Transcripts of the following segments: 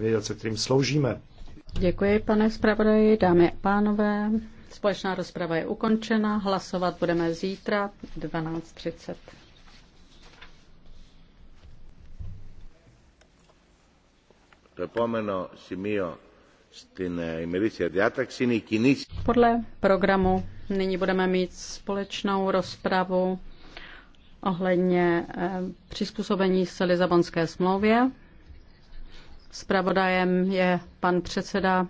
vědět, se kterým sloužíme. Děkuji, pane zpravodaji, dámy a pánové. Společná rozprava je ukončena. Hlasovat budeme zítra 12.30. Podle programu nyní budeme mít společnou rozpravu ohledně přizpůsobení se Lizabonské smlouvě. Spravodajem je pan předseda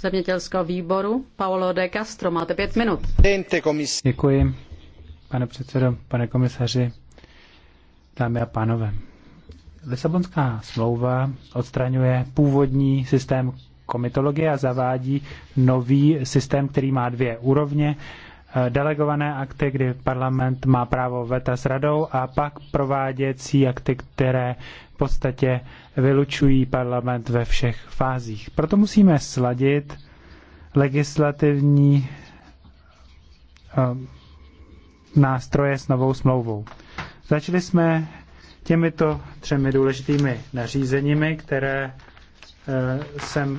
zemědělského výboru Paolo de Castro. Máte pět minut. Děkuji, pane předsedo, pane komisaři, dámy a pánové. Lisabonská smlouva odstraňuje původní systém komitologie a zavádí nový systém, který má dvě úrovně. Delegované akty, kdy parlament má právo veta s radou a pak prováděcí akty, které podstatě vylučují parlament ve všech fázích. Proto musíme sladit legislativní ehm, nástroje s novou smlouvou. Začali jsme těmito třemi důležitými nařízeními, které jsem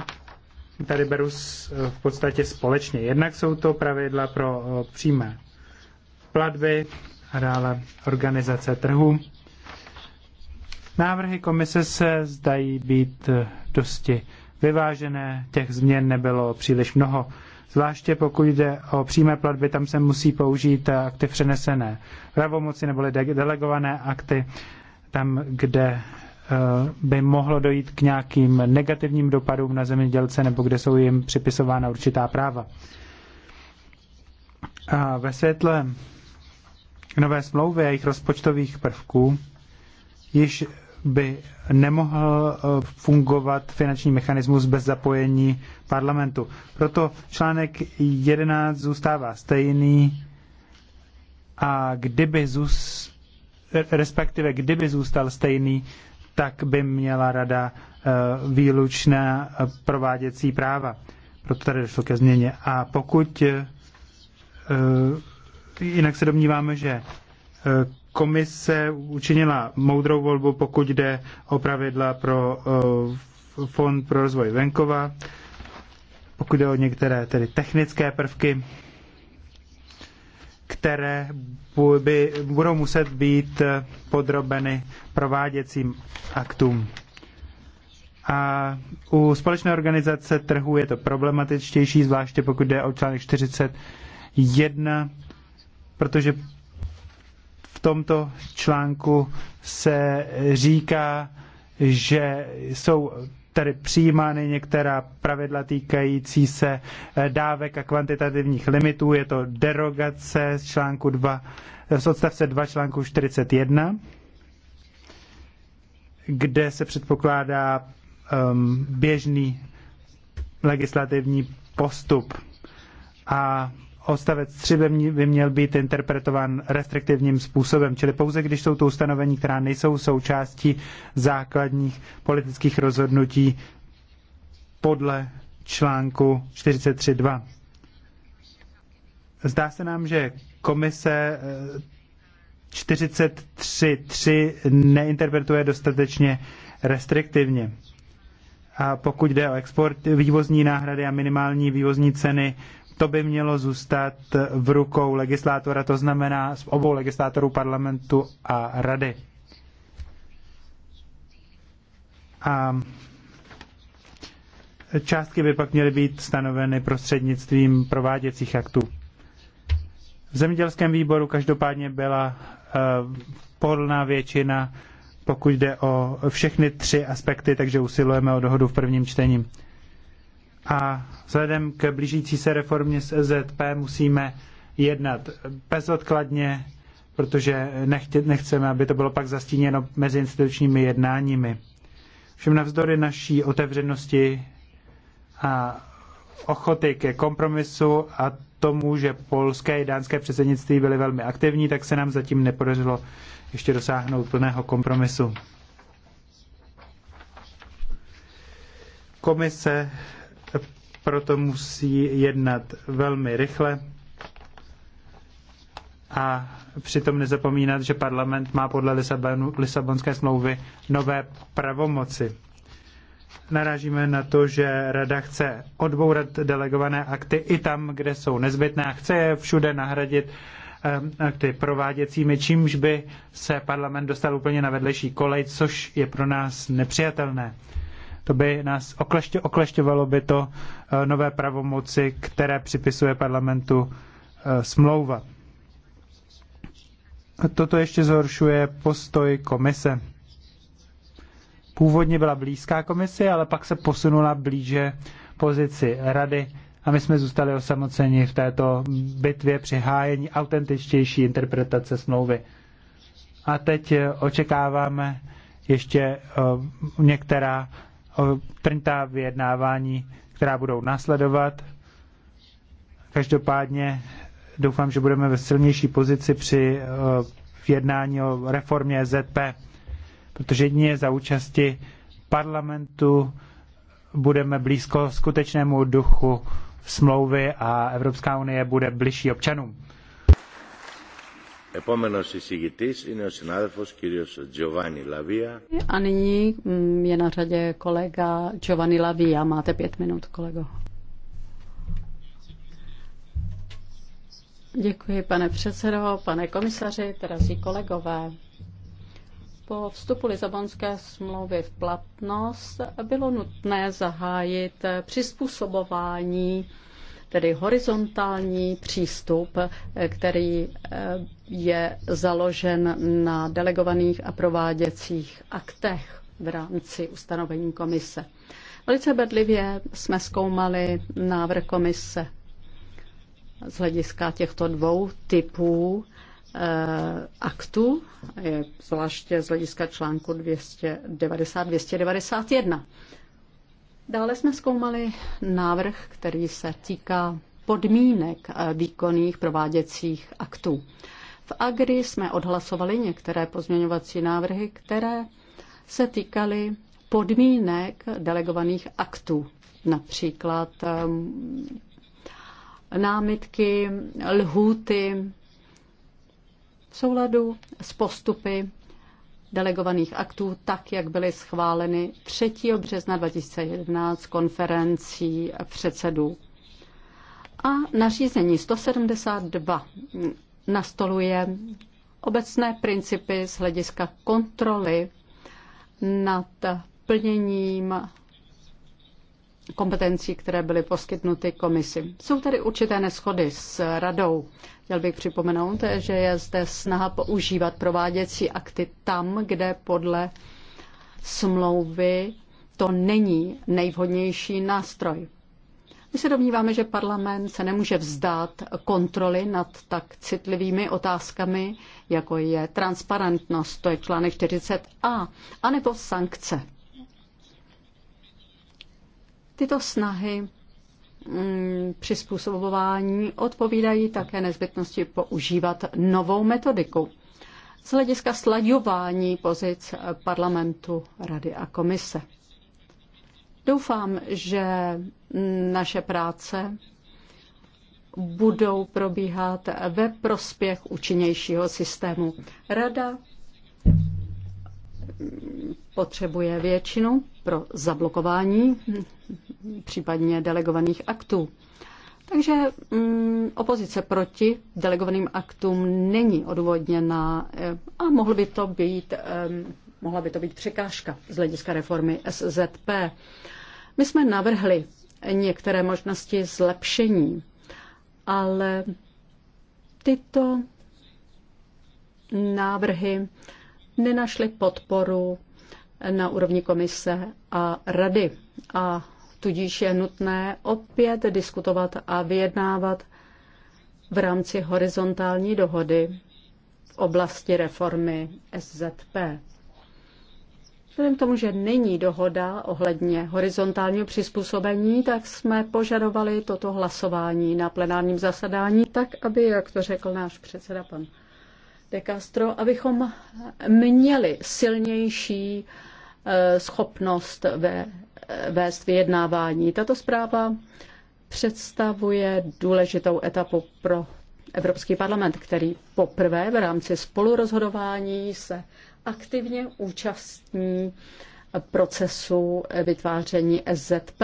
eh, tady beru eh, v podstatě společně. Jednak jsou to pravidla pro eh, přímé platby a dále organizace trhu Návrhy komise se zdají být dosti vyvážené, těch změn nebylo příliš mnoho. Zvláště pokud jde o přímé platby, tam se musí použít akty přenesené pravomoci neboli delegované akty, tam, kde eh, by mohlo dojít k nějakým negativním dopadům na zemědělce nebo kde jsou jim připisována určitá práva. A ve světle nové smlouvy a jejich rozpočtových prvků již by nemohl eh, fungovat finanční mechanismus bez zapojení parlamentu. Proto článek 11 zůstává stejný a kdyby zůst, respektive kdyby zůstal stejný, tak by měla rada eh, výlučná eh, prováděcí práva. Proto tady došlo ke změně. A pokud jinak se domníváme, že komise učinila moudrou volbu, pokud jde o pravidla pro eh, Fond pro rozvoj venkova, pokud jde o některé tedy technické prvky, které by, budou muset být podrobeny prováděcím aktům. A u společné organizace trhu je to problematičtější, zvláště pokud jde o článek 41, protože tomto článku se říká, že jsou tady přijímány některá pravidla týkající se eh, dávek a kvantitativních limitů. Je to derogace z článku 2, eh, z odstavce 2 článku 41, kde se předpokládá um, běžný legislativní postup. A odstavec 3 by měl být interpretován restriktivním způsobem, čili pouze když jsou to ustanovení, která nejsou součástí základních politických rozhodnutí podle článku 43.2. Zdá se nám, že komise 43.3 eh, neinterpretuje dostatečně restriktivně. A pokud jde o export, vývozní náhrady a minimální vývozní ceny, to by mělo zůstat v rukou legislátora, to znamená z obou legislátorů parlamentu a rady. A částky by pak měly být stanoveny prostřednictvím prováděcích aktů. V zemědělském výboru každopádně byla uh, pohodlná většina, pokud jde o všechny tři aspekty, takže usilujeme o dohodu v prvním čtení a vzhledem k blížící se reformě EZP musíme jednat bezodkladně, protože nechtě, nechceme, aby to bylo pak zastíněno mezi institučními jednáními. Všem navzdory naší otevřenosti a ochoty ke kompromisu a tomu, že polské i dánské předsednictví byly velmi aktivní, tak se nám zatím nepodařilo ještě dosáhnout plného kompromisu. Komise proto musí jednat velmi rychle a přitom nezapomínat, že parlament má podle Lisabonu, Lisabonské smlouvy nové pravomoci. Narážíme na to, že rada chce odbourat delegované akty i tam, kde jsou nezbytné a chce je všude nahradit eh, akty prováděcími, čímž by se parlament dostal úplně na vedlejší kolej, což je pro nás nepřijatelné. To by nás oklešť, oklešťovalo by to eh, nové pravomoci, které připisuje parlamentu eh, smlouva. Toto ještě zhoršuje postoj komise. Původně byla blízká komise, ale pak se posunula blíže pozici rady a my jsme zůstali osamoceni v této bitvě při hájení autentičtější interpretace smlouvy. A teď eh, očekáváme ještě některá trnitá vyjednávání, která budou následovat. Každopádně doufám, že budeme ve silnější pozici při eh, jednání o reformě e ZP, protože jedině za účasti parlamentu budeme blízko skutečnému duchu smlouvy a Evropská unie bude bližší občanům. Epomenos sysigitis είναι ο συνάδελφος κύριος Giovanni Lavia. A nyní mm, je na řadě kolega Giovanni Lavia. Máte pět minut, kolego. Děkuji, pane předsedo, pane komisaři, drazí kolegové. Po vstupu Lizabonské smlouvy v platnost bylo nutné zahájit přizpůsobování tedy horizontální přístup, který eh, je založen na delegovaných a prováděcích aktech v rámci ustanovení komise. Velice bedlivě jsme zkoumali návrh komise z hlediska těchto dvou typů eh, aktu, zvláště z hlediska článku 290-291. Dále jsme zkoumali návrh, který se týká podmínek eh, výkonných prováděcích aktů. V Agri jsme odhlasovali některé pozměňovací návrhy, které se týkaly podmínek delegovaných aktů, například ehm, námitky, lhůty v souladu s postupy delegovaných aktů tak, jak byly schváleny 3. března 2011 konferencí předsedů. A nařízení 172 nastoluje obecné principy z hlediska kontroly nad plněním kompetencí, které byly poskytnuty komisi. Jsou tady určité neschody s radou. Chtěl bych připomenout, že je zde snaha používat prováděcí akty tam, kde podle smlouvy to není nejvhodnější nástroj. My se domníváme, že parlament se nemůže vzdát kontroly nad tak citlivými otázkami, jako je transparentnost, to je článek 40a, anebo sankce. Tyto snahy mm, přizpůsobování odpovídají také nezbytnosti používat novou metodiku z hlediska slaďování pozic parlamentu, rady a komise. Doufám, že naše práce budou probíhat ve prospěch účinnějšího systému. Rada potřebuje většinu pro zablokování případně delegovaných aktů. Takže mm, opozice proti delegovaným aktům není odvodněná eh, a mohl by to být, mohla by to být překážka z hlediska reformy SZP. My jsme navrhli některé možnosti zlepšení, ale tyto návrhy nenašly podporu na úrovni komise a rady. A tudíž je nutné opět diskutovat a vyjednávat v rámci horizontální dohody v oblasti reformy SZP. Vzhledem k tomu, že není dohoda ohledně horizontálního přizpůsobení, tak jsme požadovali toto hlasování na plenárním zasedání, tak aby, jak to řekl náš předseda pan de Castro, abychom měli silnější eh, schopnost eh, vést vyjednávání. Tato zpráva představuje důležitou etapu pro Evropský parlament, který poprvé v rámci spolurozhodování se aktivně účastní procesu vytváření SZP.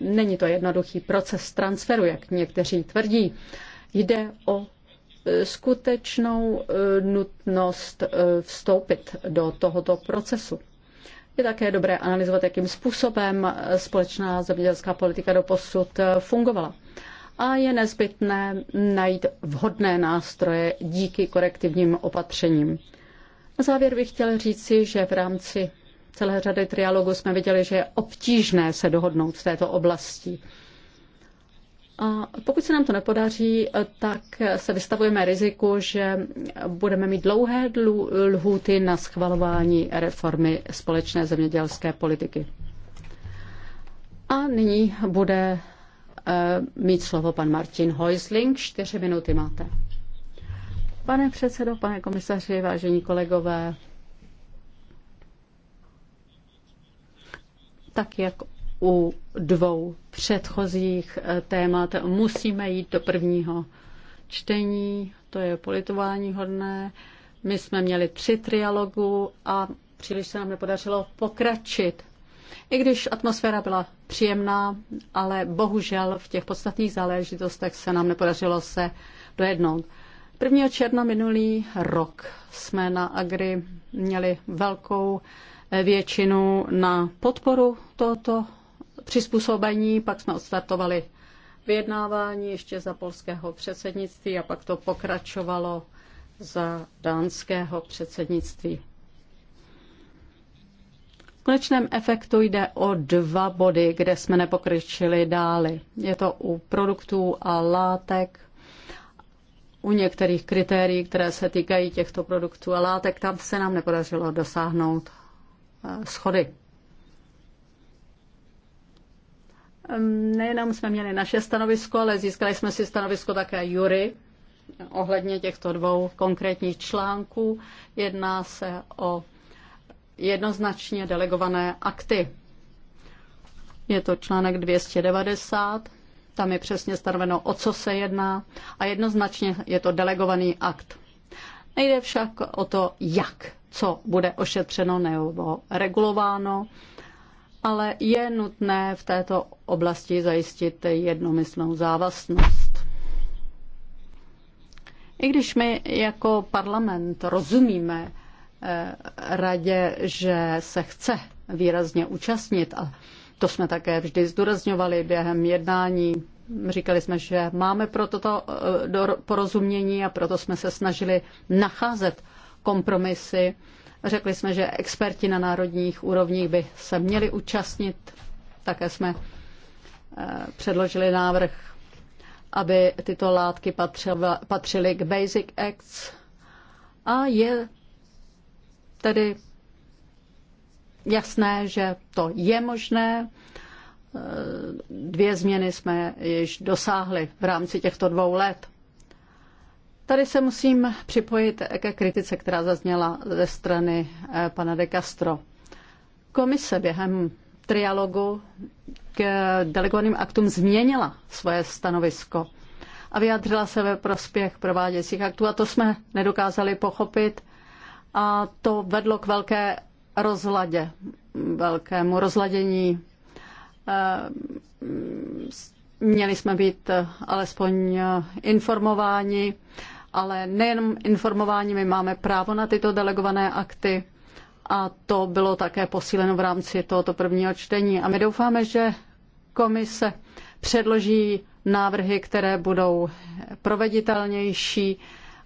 Není to jednoduchý proces transferu, jak někteří tvrdí. Jde o skutečnou eh, nutnost eh, vstoupit do tohoto procesu. Je také dobré analyzovat, jakým způsobem eh, společná zemědělská politika do posud fungovala. A je nezbytné najít vhodné nástroje díky korektivním opatřením. Na závěr bych chtěl říci, že v rámci celé řady trialogu jsme viděli, že je obtížné se dohodnout v této oblasti. A pokud se nám to nepodaří, tak se vystavujeme riziku, že budeme mít dlouhé lhůty na schvalování reformy společné zemědělské politiky. A nyní bude eh, mít slovo pan Martin Heusling. Čtyři minuty máte. Pane předsedo, pane komisaři, vážení kolegové, tak jak u dvou předchozích eh, témat musíme jít do prvního čtení, to je politování hodné. My jsme měli tři trialogu a příliš se nám nepodařilo pokračit. I když atmosféra byla příjemná, ale bohužel v těch podstatných záležitostech se nám nepodařilo se dojednout. 1. června minulý rok jsme na Agri měli velkou eh, většinu na podporu tohoto přizpůsobení, pak jsme odstartovali vyjednávání ještě za polského předsednictví a pak to pokračovalo za dánského předsednictví. V konečném efektu jde o dva body, kde jsme nepokročili dále. Je to u produktů a látek, u některých kritérií, které se týkají těchto produktů a látek, tam se nám nepodařilo dosáhnout eh, schody. Ehm, nejenom jsme měli naše stanovisko, ale získali jsme si stanovisko také Jury ohledně těchto dvou konkrétních článků. Jedná se o jednoznačně delegované akty. Je to článek 290, tam je přesně stanoveno, o co se jedná a jednoznačně je to delegovaný akt. Nejde však o to, jak, co bude ošetřeno nebo regulováno ale je nutné v této oblasti zajistit jednomyslnou závaznost. I když my jako parlament rozumíme eh, radě, že se chce výrazně účastnit, a to jsme také vždy zdůrazňovali během jednání, říkali jsme, že máme pro toto eh, porozumění a proto jsme se snažili nacházet kompromisy, Řekli jsme, že experti na národních úrovních by se měli účastnit. Také jsme eh, předložili návrh, aby tyto látky patřily k Basic Acts a je tedy jasné, že to je možné. Eh, dvě změny jsme již dosáhli v rámci těchto dvou let. Tady se musím připojit ke kritice, která zazněla ze strany eh, pana de Castro. Komise během trialogu k delegovaným aktům změnila svoje stanovisko a vyjádřila se ve prospěch prováděcích aktů a to jsme nedokázali pochopit a to vedlo k velké rozladě, velkému rozladění. Eh, měli jsme být eh, alespoň informováni ale nejen informování, my máme právo na tyto delegované akty a to bylo také posíleno v rámci tohoto prvního čtení. A my doufáme, že komise předloží návrhy, které budou proveditelnější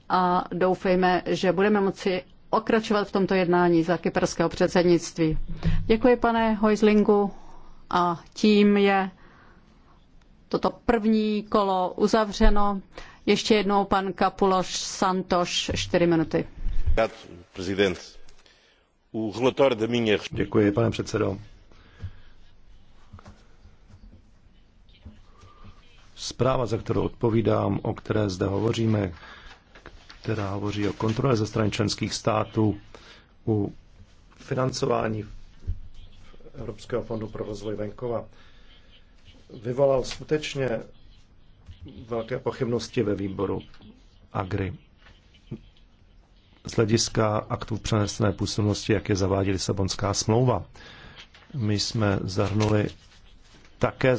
a doufejme, že budeme moci okračovat v tomto jednání za kyperského předsednictví. Děkuji, pane Hojzlingu, a tím je toto první kolo uzavřeno. Ještě jednou pan Kapuloš Santoš, čtyři minuty. Děkuji, pane předsedo. Zpráva, za kterou odpovídám, o které zde hovoříme, která hovoří o kontrole ze strany členských států u financování Evropského fondu pro rozvoj venkova, vyvolal skutečně velké pochybnosti ve výboru Agri. Z hlediska aktů přenesené působnosti, jak je zavádí Lisabonská smlouva, my jsme zahrnuli také,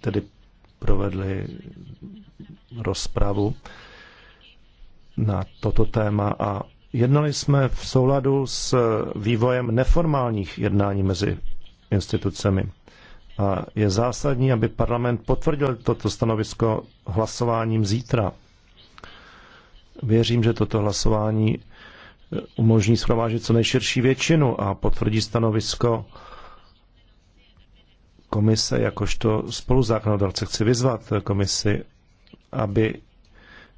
tedy provedli rozpravu na toto téma a jednali jsme v souladu s vývojem neformálních jednání mezi institucemi. A je zásadní, aby parlament potvrdil toto stanovisko hlasováním zítra. Věřím, že toto hlasování umožní schromážit co nejširší většinu a potvrdí stanovisko komise, jakožto spoluzákonodavce. Chci vyzvat komisi, aby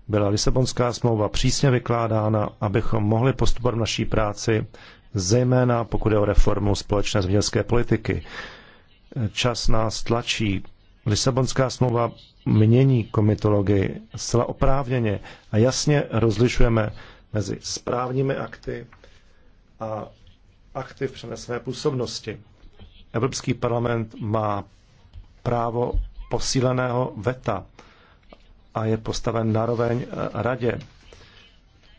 byla Lisabonská smlouva přísně vykládána, abychom mohli postupovat v naší práci, zejména pokud je o reformu společné zemědělské politiky čas nás tlačí. Lisabonská smlouva mění komitologii zcela oprávněně a jasně rozlišujeme mezi správními akty a akty v přenesené působnosti. Evropský parlament má právo posíleného veta a je postaven naroveň radě.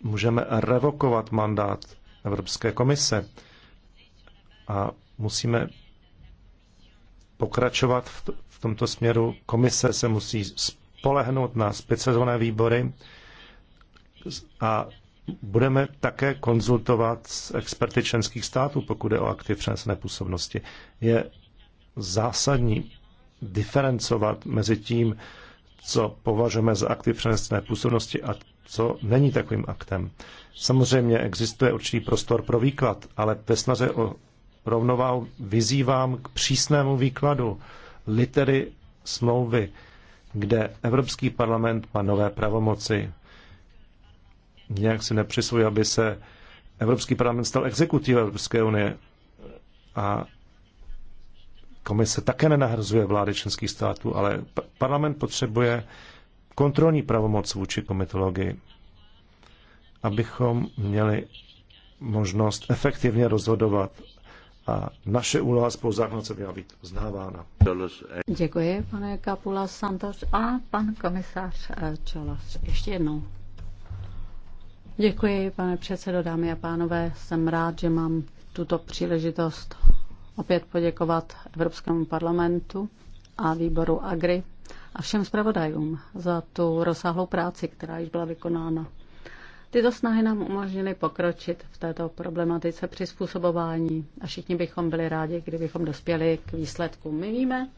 Můžeme revokovat mandát Evropské komise a musíme pokračovat v, v tomto směru. Komise se musí spolehnout na specializované výbory a budeme také konzultovat s experty členských států, pokud je o aktiv přenesené působnosti. Je zásadní diferencovat mezi tím, co považujeme za aktiv přenesené působnosti a co není takovým aktem. Samozřejmě existuje určitý prostor pro výklad, ale ve snaze o rovnováhu vyzývám k přísnému výkladu litery smlouvy, kde Evropský parlament má nové pravomoci. Nějak si nepřisvojí, aby se Evropský parlament stal exekutivem Evropské unie a komise také nenahrazuje vlády členských států, ale parlament potřebuje kontrolní pravomoc vůči komitologii, abychom měli možnost efektivně rozhodovat a naše úloha spoluzákonce měla být uznávána. Děkuji, pane Kapula Santos a pan komisář eh, Čolas. Ještě jednou. Děkuji, pane předsedo, dámy a pánové. Jsem rád, že mám tuto příležitost opět poděkovat Evropskému parlamentu a výboru AGRI a všem zpravodajům za tu rozsáhlou práci, která již byla vykonána. Tyto snahy nám umožnily pokročit v této problematice přizpůsobování a všichni bychom byli rádi, kdybychom dospěli k výsledku. My víme,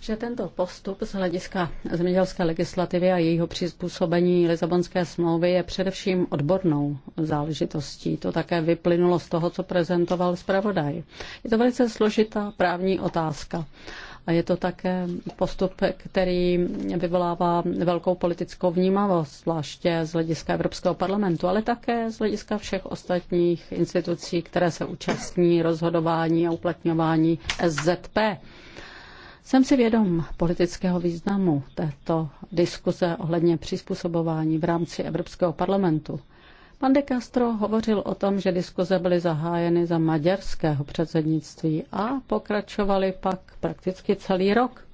že tento postup z hlediska zemědělské legislativy a jejího přizpůsobení Lisabonské smlouvy je především odbornou záležitostí. To také vyplynulo z toho, co prezentoval zpravodaj. Je to velice složitá právní otázka. A je to také postup, který vyvolává velkou politickou vnímavost, zvláště z hlediska Evropského parlamentu, ale také z hlediska všech ostatních institucí, které se účastní rozhodování a uplatňování SZP. Jsem si vědom politického významu této diskuze ohledně přizpůsobování v rámci Evropského parlamentu. Pan de Castro hovořil o tom, že diskuze byly zahájeny za maďarského předsednictví a pokračovaly pak prakticky celý rok.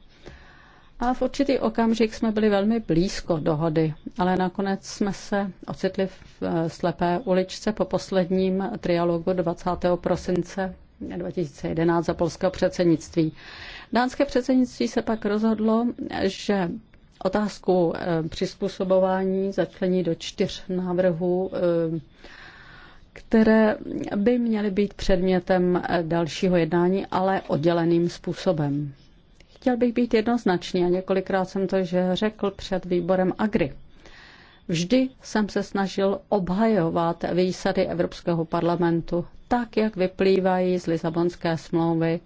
A v určitý okamžik jsme byli velmi blízko dohody, ale nakonec jsme se ocitli v eh, slepé uličce po posledním trialogu 20. prosince 2011 za polského předsednictví. Dánské předsednictví se pak rozhodlo, že Otázku eh, přizpůsobování začlení do čtyř návrhů, eh, které by měly být předmětem eh, dalšího jednání, ale odděleným způsobem. Chtěl bych být jednoznačný a několikrát jsem to že řekl před výborem Agri. Vždy jsem se snažil obhajovat výsady Evropského parlamentu tak, jak vyplývají z Lisabonské smlouvy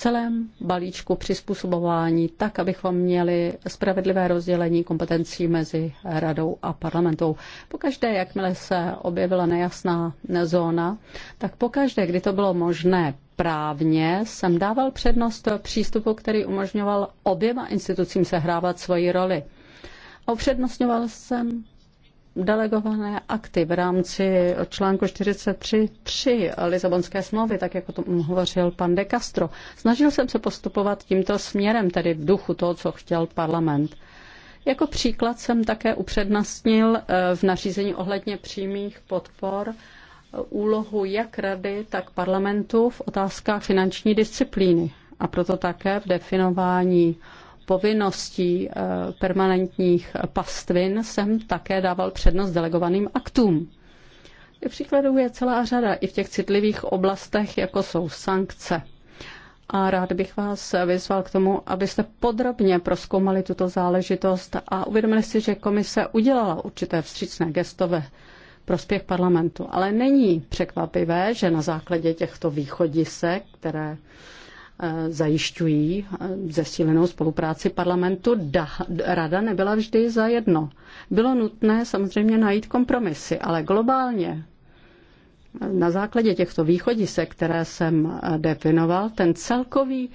celém balíčku přizpůsobování, tak, abychom měli spravedlivé rozdělení kompetencí mezi radou a parlamentou. Pokaždé, jakmile se objevila nejasná zóna, tak pokaždé, kdy to bylo možné právně, jsem dával přednost přístupu, který umožňoval oběma institucím sehrávat svoji roli. A upřednostňoval jsem delegované akty v rámci článku 43.3 Lisabonské smlouvy, tak jako to hovořil pan de Castro. Snažil jsem se postupovat tímto směrem, tedy v duchu toho, co chtěl parlament. Jako příklad jsem také upřednostnil eh, v nařízení ohledně přímých podpor eh, úlohu jak rady, tak parlamentu v otázkách finanční disciplíny. A proto také v definování povinností eh, permanentních pastvin jsem také dával přednost delegovaným aktům. Příkladů je celá řada i v těch citlivých oblastech, jako jsou sankce. A rád bych vás vyzval k tomu, abyste podrobně proskoumali tuto záležitost a uvědomili si, že komise udělala určité vstřícné gestové prospěch parlamentu. Ale není překvapivé, že na základě těchto východisek, které Eh, zajišťují eh, zesílenou spolupráci parlamentu. Da, rada nebyla vždy za jedno. Bylo nutné samozřejmě najít kompromisy, ale globálně eh, na základě těchto východisek, které jsem definoval, ten celkový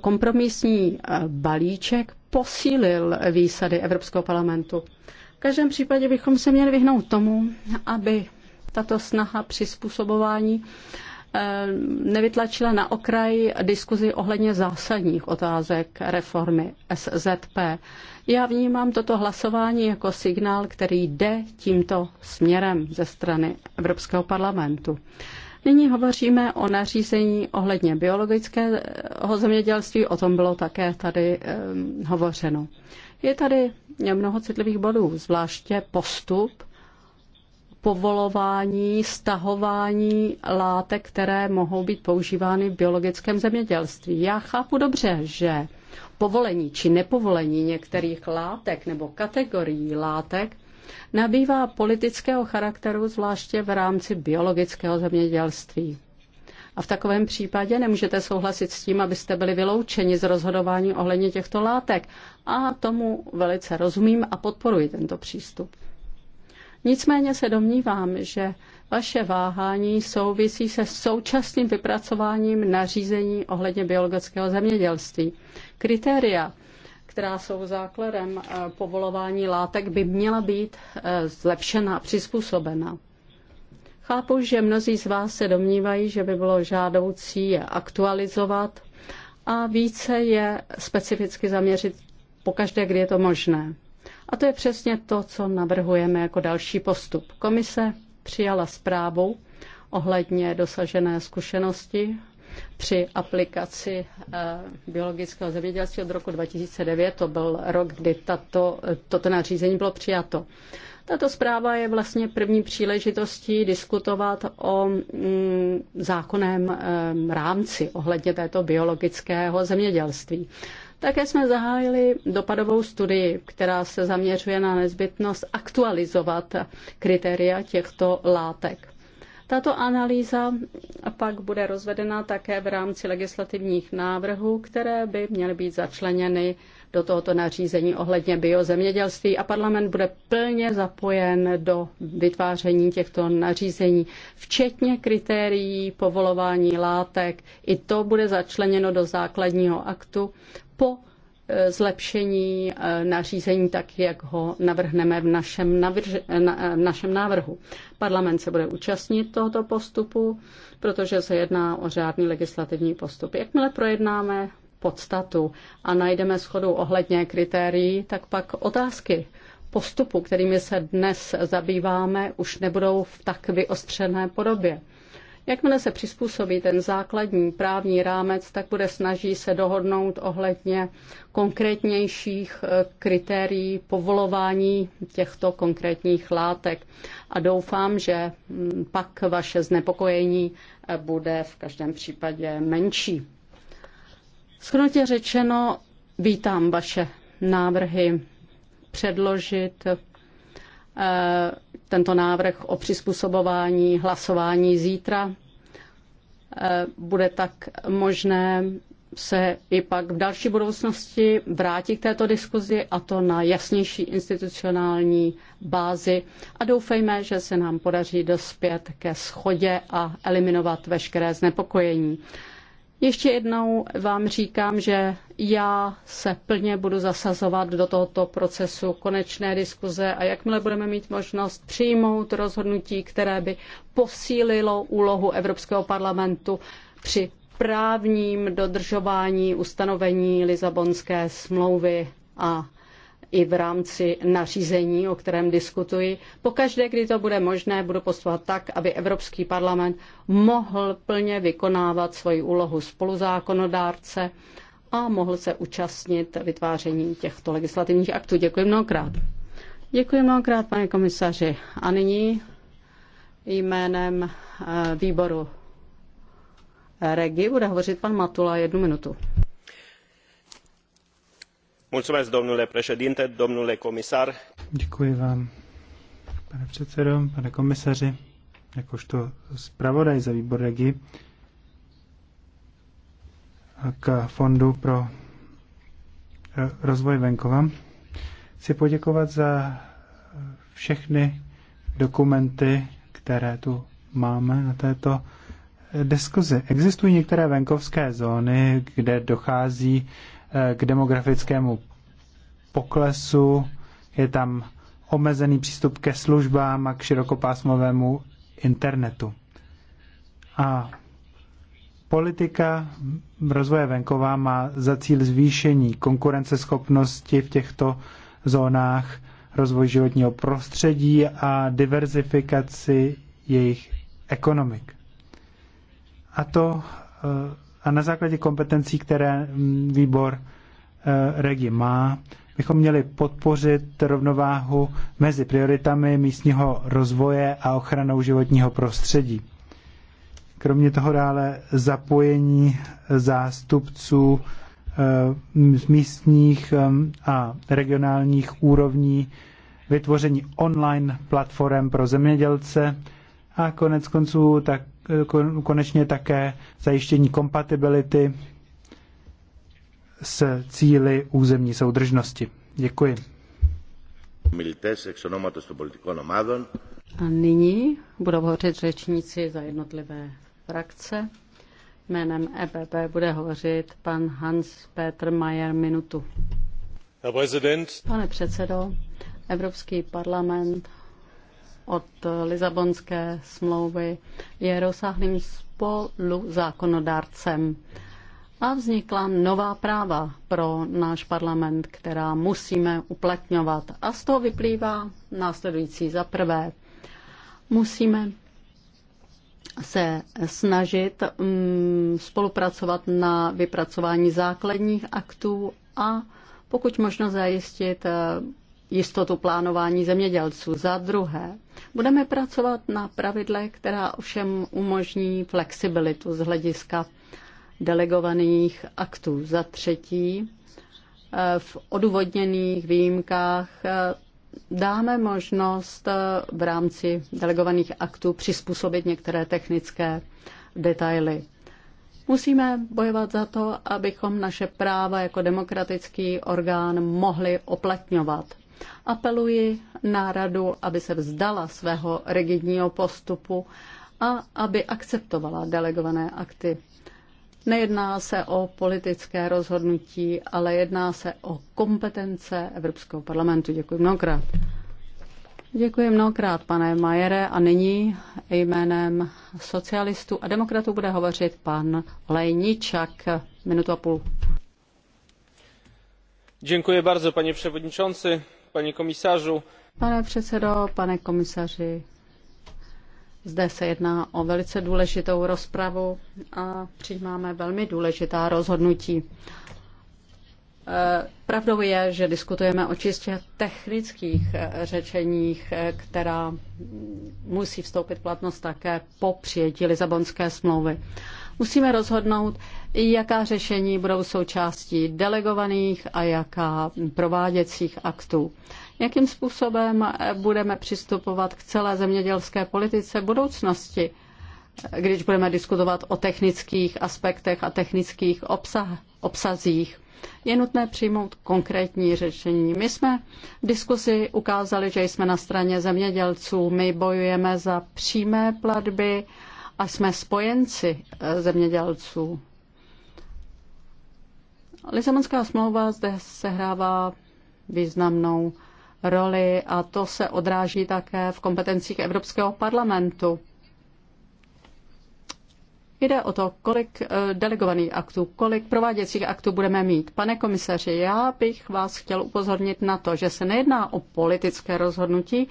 kompromisní balíček posílil výsady Evropského parlamentu. V každém případě bychom se měli vyhnout tomu, aby tato snaha přizpůsobování Eh, nevytlačila na okraj diskuzi ohledně zásadních otázek reformy SZP. Já vnímám toto hlasování jako signál, který jde tímto směrem ze strany Evropského parlamentu. Nyní hovoříme o nařízení ohledně biologického zemědělství, o tom bylo také tady um, hovořeno. Je tady mnoho citlivých bodů, zvláště postup povolování, stahování látek, které mohou být používány v biologickém zemědělství. Já chápu dobře, že povolení či nepovolení některých látek nebo kategorií látek nabývá politického charakteru zvláště v rámci biologického zemědělství. A v takovém případě nemůžete souhlasit s tím, abyste byli vyloučeni z rozhodování ohledně těchto látek. A tomu velice rozumím a podporuji tento přístup. Nicméně se domnívám, že vaše váhání souvisí se současným vypracováním nařízení ohledně biologického zemědělství. Kritéria, která jsou základem eh, povolování látek, by měla být eh, zlepšena, přizpůsobena. Chápu, že mnozí z vás se domnívají, že by bylo žádoucí je aktualizovat a více je specificky zaměřit pokaždé, kdy je to možné. A to je přesně to, co navrhujeme jako další postup. Komise přijala zprávu ohledně dosažené zkušenosti při aplikaci eh, biologického zemědělství od roku 2009. To byl rok, kdy tato, toto nařízení bylo přijato. Tato zpráva je vlastně první příležitostí diskutovat o mm, zákonném eh, rámci ohledně této biologického zemědělství. Také jsme zahájili dopadovou studii, která se zaměřuje na nezbytnost aktualizovat kritéria těchto látek. Tato analýza pak bude rozvedena také v rámci legislativních návrhů, které by měly být začleněny do tohoto nařízení ohledně biozemědělství a parlament bude plně zapojen do vytváření těchto nařízení, včetně kritérií povolování látek. I to bude začleněno do základního aktu po eh, zlepšení eh, nařízení tak, jak ho navrhneme v našem, navrž, na, eh, v našem návrhu. Parlament se bude účastnit tohoto postupu, protože se jedná o řádný legislativní postup. Jakmile projednáme podstatu a najdeme schodu ohledně kritérií, tak pak otázky postupu, kterými se dnes zabýváme, už nebudou v tak vyostřené podobě. Jakmile se přizpůsobí ten základní právní rámec, tak bude snaží se dohodnout ohledně konkrétnějších eh, kritérií povolování těchto konkrétních látek. A doufám, že mm, pak vaše znepokojení eh, bude v každém případě menší. Skromně řečeno, vítám vaše návrhy předložit Eh, tento návrh o přizpůsobování hlasování zítra. Eh, bude tak možné se i pak v další budoucnosti vrátí k této diskuzi a to na jasnější institucionální bázi a doufejme, že se nám podaří dospět ke schodě a eliminovat veškeré znepokojení. Ještě jednou vám říkám, že já se plně budu zasazovat do tohoto procesu konečné diskuze a jakmile budeme mít možnost přijmout rozhodnutí, které by posílilo úlohu Evropského parlamentu při právním dodržování ustanovení Lisabonské smlouvy a i v rámci nařízení, o kterém diskutuji. Pokaždé, kdy to bude možné, budu postupovat tak, aby Evropský parlament mohl plně vykonávat svoji úlohu spoluzákonodárce a mohl se účastnit vytváření těchto legislativních aktů. Děkuji mnohokrát. Děkuji mnohokrát, pane komisaři. A nyní jménem eh, výboru Regi bude hovořit pan Matula jednu minutu domnule președinte, domnule comisar. Děkuji vám, pane předsedo, pane komisaři, jakožto zpravodaj za výbor Regi k Fondu pro eh, rozvoj venkova. Chci poděkovat za všechny dokumenty, které tu máme na této eh, diskuzi. Existují některé venkovské zóny, kde dochází Eh, k demografickému poklesu, je tam omezený přístup ke službám a k širokopásmovému internetu. A politika rozvoje venková má za cíl zvýšení konkurenceschopnosti v těchto zónách, rozvoj životního prostředí a diverzifikaci jejich ekonomik. A to eh, a na základě kompetencí, které mm, výbor eh, regi má, bychom měli podpořit rovnováhu mezi prioritami místního rozvoje a ochranou životního prostředí. Kromě toho dále zapojení zástupců z eh, místních eh, a regionálních úrovní, vytvoření online platform pro zemědělce a konec konců tak konečně také zajištění kompatibility s cíly územní soudržnosti. Děkuji. A nyní budou hovořit řečníci za jednotlivé frakce. Jménem EPP bude hovořit pan Hans Peter Mayer minutu. Pane předsedo, Evropský parlament od Lizabonské smlouvy je rozsáhlým zákonodárcem. a vznikla nová práva pro náš parlament, která musíme uplatňovat. A z toho vyplývá následující. Za prvé, musíme se snažit mm, spolupracovat na vypracování základních aktů a pokud možno zajistit eh, jistotu plánování zemědělců. Za druhé, budeme pracovat na pravidle, která ovšem umožní flexibilitu z hlediska delegovaných aktů. Za třetí, eh, v odůvodněných výjimkách eh, dáme možnost eh, v rámci delegovaných aktů přizpůsobit některé technické detaily. Musíme bojovat za to, abychom naše práva jako demokratický orgán mohli oplatňovat. Apeluji na radu, aby se vzdala svého rigidního postupu a aby akceptovala delegované akty. Nejedná se o politické rozhodnutí, ale jedná se o kompetence Evropského parlamentu. Děkuji mnohokrát. Děkuji mnohokrát, pane Majere. A nyní jménem socialistů a demokratů bude hovořit pan Lejničak. Minutu a půl. Děkuji bardzo, pane předsedající paní Pane předsedo, pane komisaři, zde se jedná o velice důležitou rozpravu a přijímáme velmi důležitá rozhodnutí. E, pravdou je, že diskutujeme o čistě technických e, řečeních, e, která musí vstoupit platnost také po přijetí Lisabonské smlouvy. Musíme rozhodnout, jaká řešení budou součástí delegovaných a jaká prováděcích aktů. Jakým způsobem budeme přistupovat k celé zemědělské politice budoucnosti, když budeme diskutovat o technických aspektech a technických obsah, obsazích je nutné přijmout konkrétní řešení. My jsme v diskusi ukázali, že jsme na straně zemědělců, my bojujeme za přímé platby a jsme spojenci zemědělců. Lisabonská smlouva zde sehrává významnou roli a to se odráží také v kompetencích Evropského parlamentu. Jde o to, kolik eh, delegovaných aktů, kolik prováděcích aktů budeme mít. Pane komisaři, já bych vás chtěl upozornit na to, že se nejedná o politické rozhodnutí,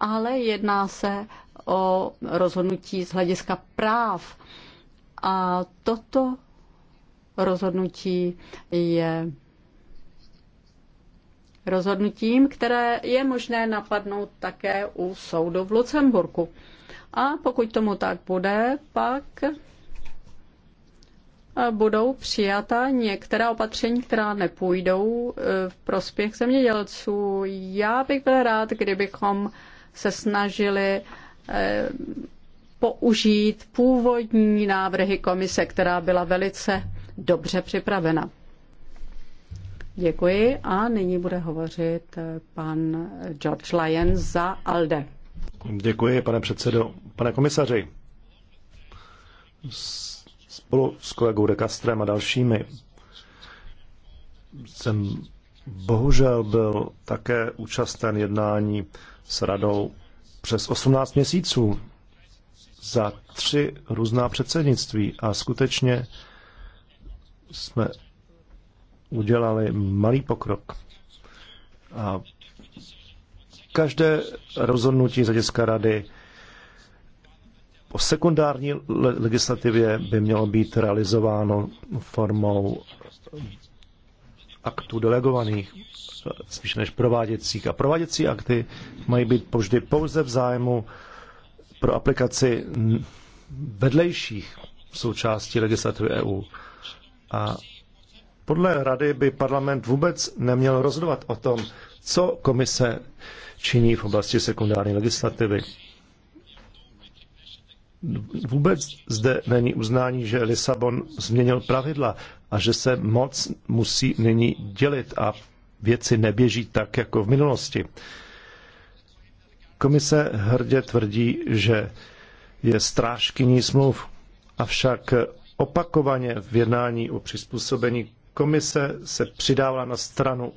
ale jedná se o rozhodnutí z hlediska práv. A toto rozhodnutí je rozhodnutím, které je možné napadnout také u soudu v Lucemburku. A pokud tomu tak bude, pak budou přijata některá opatření, která nepůjdou e, v prospěch zemědělců. Já bych byl rád, kdybychom se snažili e, použít původní návrhy komise, která byla velice dobře připravena. Děkuji a nyní bude hovořit eh, pan George Lyon za ALDE. Děkuji, pane předsedo. Pane komisaři, spolu s kolegou De Castrem a dalšími jsem bohužel byl také účasten jednání s radou přes 18 měsíců za tři různá předsednictví a skutečně jsme udělali malý pokrok. A každé rozhodnutí z hlediska rady po sekundární legislativě by mělo být realizováno formou aktů delegovaných, spíše než prováděcích. A prováděcí akty mají být vždy pouze v zájmu pro aplikaci vedlejších součástí legislativy EU. A podle rady by parlament vůbec neměl rozhodovat o tom, co komise činí v oblasti sekundární legislativy. Vůbec zde není uznání, že Lisabon změnil pravidla a že se moc musí nyní dělit a věci neběží tak, jako v minulosti. Komise hrdě tvrdí, že je strážkyní smluv, avšak opakovaně v jednání o přizpůsobení komise se přidávala na stranu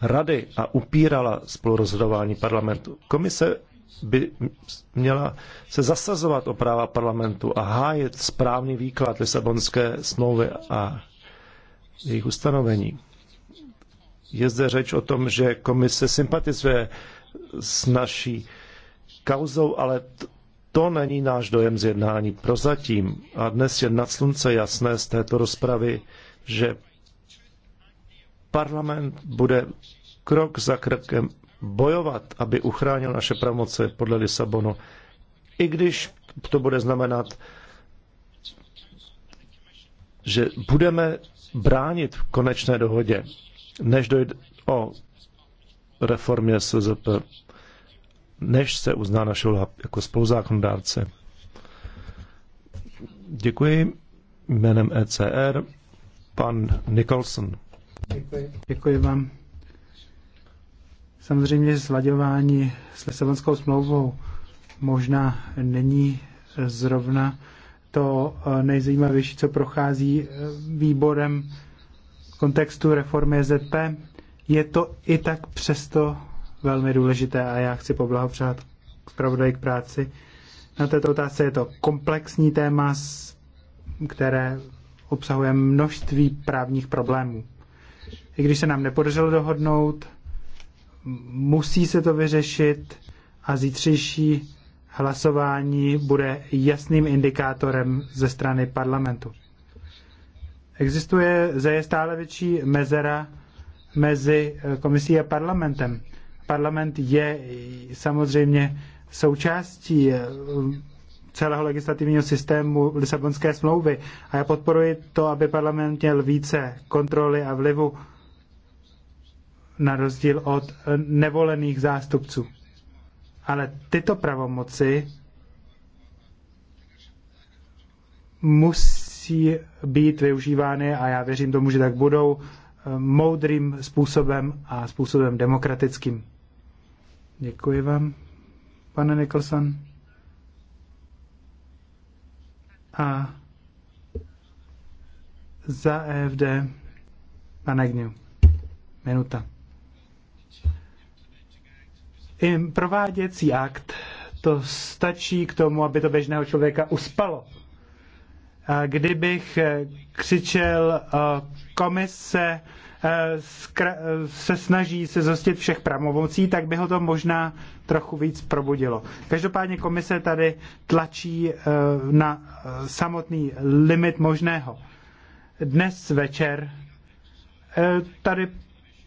rady a upírala spolurozhodování parlamentu. Komise by měla se zasazovat o práva parlamentu a hájit správný výklad Lisabonské smlouvy a jejich ustanovení. Je zde řeč o tom, že komise sympatizuje s naší kauzou, ale to není náš dojem z jednání prozatím. A dnes je nad slunce jasné z této rozpravy, že parlament bude krok za krokem bojovat, aby uchránil naše pravomoce podle Lisabonu. I když to bude znamenat, že budeme bránit v konečné dohodě, než dojde o reformě SZP než se uzná naše úloha jako spoluzákonodárce. Děkuji jménem ECR, pan Nicholson. Děkuji, děkuji vám. Samozřejmě sladěvání s Lisabonskou smlouvou možná není zrovna to eh, nejzajímavější, co prochází eh, výborem kontextu reformy e ZP. Je to i tak přesto velmi důležité a já chci poblahopřát zpravodaj k práci. Na této otázce je to komplexní téma, které obsahuje množství právních problémů. I když se nám nepodařilo dohodnout, musí se to vyřešit a zítřejší hlasování bude jasným indikátorem ze strany parlamentu. Existuje zde stále větší mezera mezi eh, komisí a parlamentem. Parlament je samozřejmě součástí eh, celého legislativního systému Lisabonské smlouvy a já podporuji to, aby parlament měl více kontroly a vlivu na rozdíl od eh, nevolených zástupců. Ale tyto pravomoci musí být využívány a já věřím tomu, že tak budou eh, moudrým způsobem a způsobem demokratickým. Děkuji vám, pane Nicholson. A za EFD pane Gňu, Minuta. I prováděcí akt to stačí k tomu, aby to běžného člověka uspalo. A kdybych křičel eh, komise Eh, se snaží se zhostit všech pravomocí, tak by ho to možná trochu víc probudilo. Každopádně komise tady tlačí eh, na eh, samotný limit možného. Dnes večer tady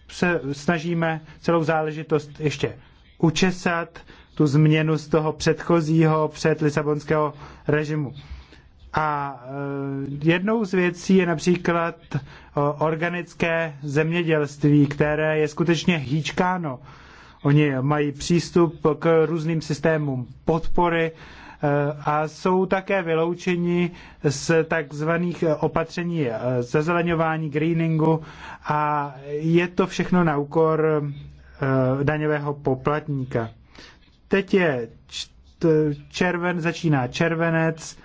se snažíme celou záležitost ještě učesat, tu změnu z toho předchozího, před Lisabonského režimu. A e, jednou z věcí je například e, organické zemědělství, které je skutečně hýčkáno. Oni mají přístup k různým systémům podpory e, a jsou také vyloučeni z takzvaných opatření zazeleňování, greeningu a je to všechno na úkor daňového poplatníka. Teď je červen, začíná červenec,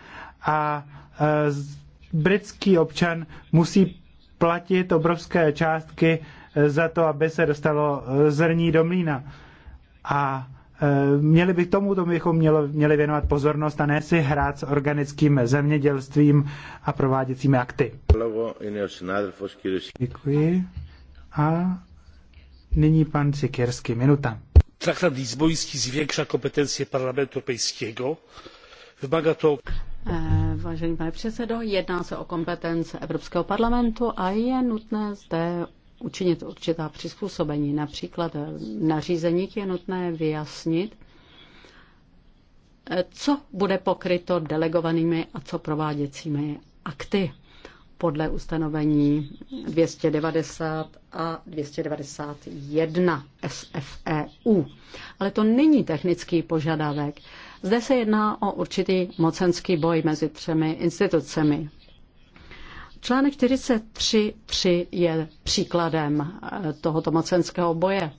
a e, britský občan musí platit obrovské částky e, za to, aby se dostalo e, zrní do mlína. A měli by tomu, tomu bychom mělo, měli věnovat pozornost a ne si hrát s organickým zemědělstvím a prováděcími akty. Děkuji. A nyní pan Sikierski, minuta. Traktat lisbojský zwiększa kompetencje Parlamentu pejského Wymaga to Eh, vážený pane předsedo, jedná se o kompetence Evropského parlamentu a je nutné zde učinit určitá přizpůsobení. Například v eh, je nutné vyjasnit, eh, co bude pokryto delegovanými a co prováděcími akty podle ustanovení 290 a 291 SFEU. Ale to není technický požadavek. Zde se jedná o určitý mocenský boj mezi třemi institucemi. Článek 43.3 je příkladem eh, tohoto mocenského boje.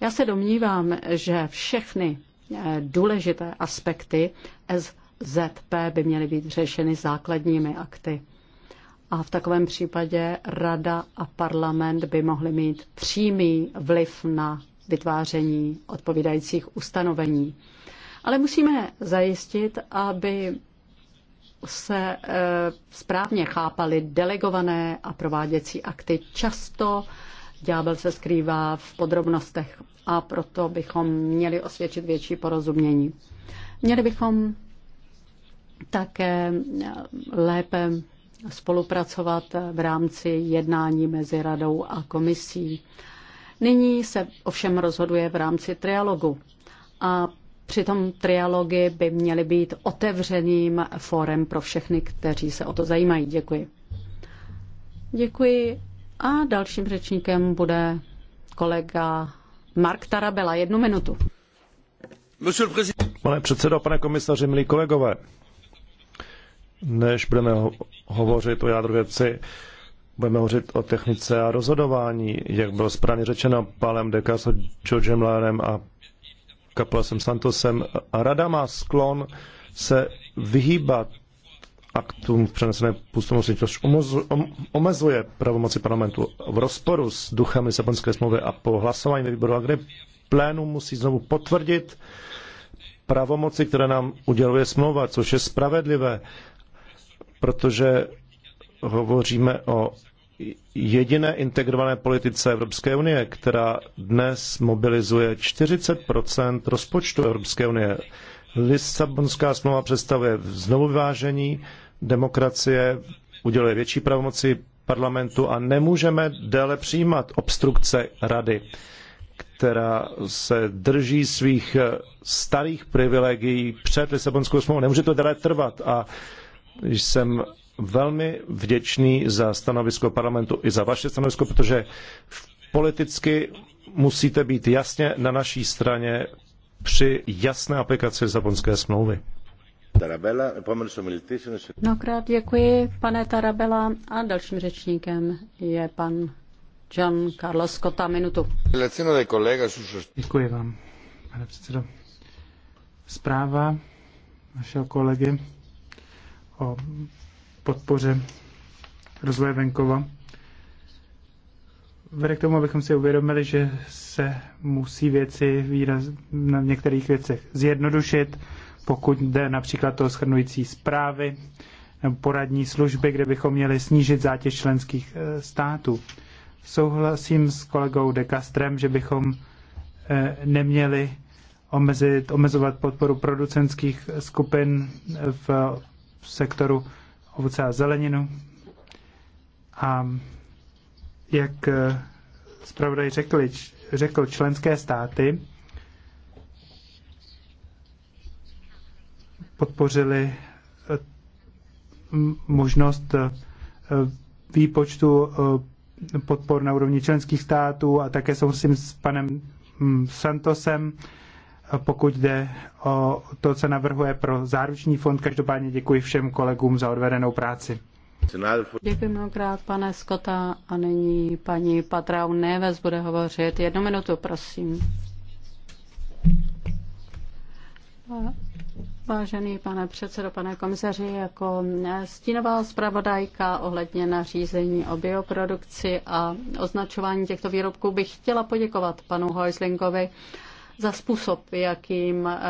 Já se domnívám, že všechny eh, důležité aspekty SZP by měly být řešeny základními akty. A v takovém případě rada a parlament by mohly mít přímý vliv na vytváření odpovídajících ustanovení ale musíme zajistit, aby se eh, správně chápaly delegované a prováděcí akty. Často ďábel se skrývá v podrobnostech a proto bychom měli osvědčit větší porozumění. Měli bychom také eh, lépe spolupracovat v rámci jednání mezi radou a komisí. Nyní se ovšem rozhoduje v rámci trialogu a Přitom trialogy by měly být otevřeným fórem pro všechny, kteří se o to zajímají. Děkuji. Děkuji. A dalším řečníkem bude kolega Mark Tarabela. Jednu minutu. Pane předsedo, pane komisaři, milí kolegové, než budeme ho- hovořit o jádru věci, budeme hovořit o technice a rozhodování, jak bylo správně řečeno Palem Dekas, Georgem Lárem a Kaplasem Santosem. A rada má sklon se vyhýbat aktům v přenesené působnosti, což omezuje pravomoci parlamentu v rozporu s duchem Lisabonské smlouvy a po hlasování ve výboru Agri plénu musí znovu potvrdit pravomoci, které nám uděluje smlouva, což je spravedlivé, protože hovoříme o jediné integrované politice Evropské unie, která dnes mobilizuje 40 rozpočtu Evropské unie. Lisabonská smlouva představuje znovu vyvážení demokracie, uděluje větší pravomoci parlamentu a nemůžeme déle přijímat obstrukce rady, která se drží svých starých privilegií před Lisabonskou smlouvou. Nemůže to déle trvat a jsem velmi vděčný za stanovisko parlamentu i za vaše stanovisko, protože politicky musíte být jasně na naší straně při jasné aplikaci Lisabonské smlouvy. Mnohokrát děkuji, pane Tarabella. A dalším řečníkem je pan John Carlos Cota, minutu. Děkuji vám, pane předsedo. Zpráva našeho kolegy o podpoře rozvoje venkova vede k tomu, abychom si uvědomili, že se musí věci výraz, na některých věcech zjednodušit, pokud jde například o schrnující zprávy nebo poradní služby, kde bychom měli snížit zátěž členských eh, států. Souhlasím s kolegou De Castrem, že bychom eh, neměli omezit, omezovat podporu producentských skupin eh, v sektoru ovoce a zeleninu. A jak eh, zpravodaj řekl, řekl členské státy podpořili eh, možnost eh, výpočtu podpor na úrovni členských států a také souhlasím s panem hm, Santosem, pokud jde o to, co navrhuje pro záruční fond. Každopádně děkuji všem kolegům za odvedenou práci. Děkuji mnohokrát, pane Skota. A nyní paní Patrau Neves bude hovořit. Jednu minutu, prosím. Vážený pane předsedo, pane komisaři, jako stínová zpravodajka ohledně nařízení o bioprodukci a označování těchto výrobků bych chtěla poděkovat panu Hojslinkovi za způsob, jakým eh,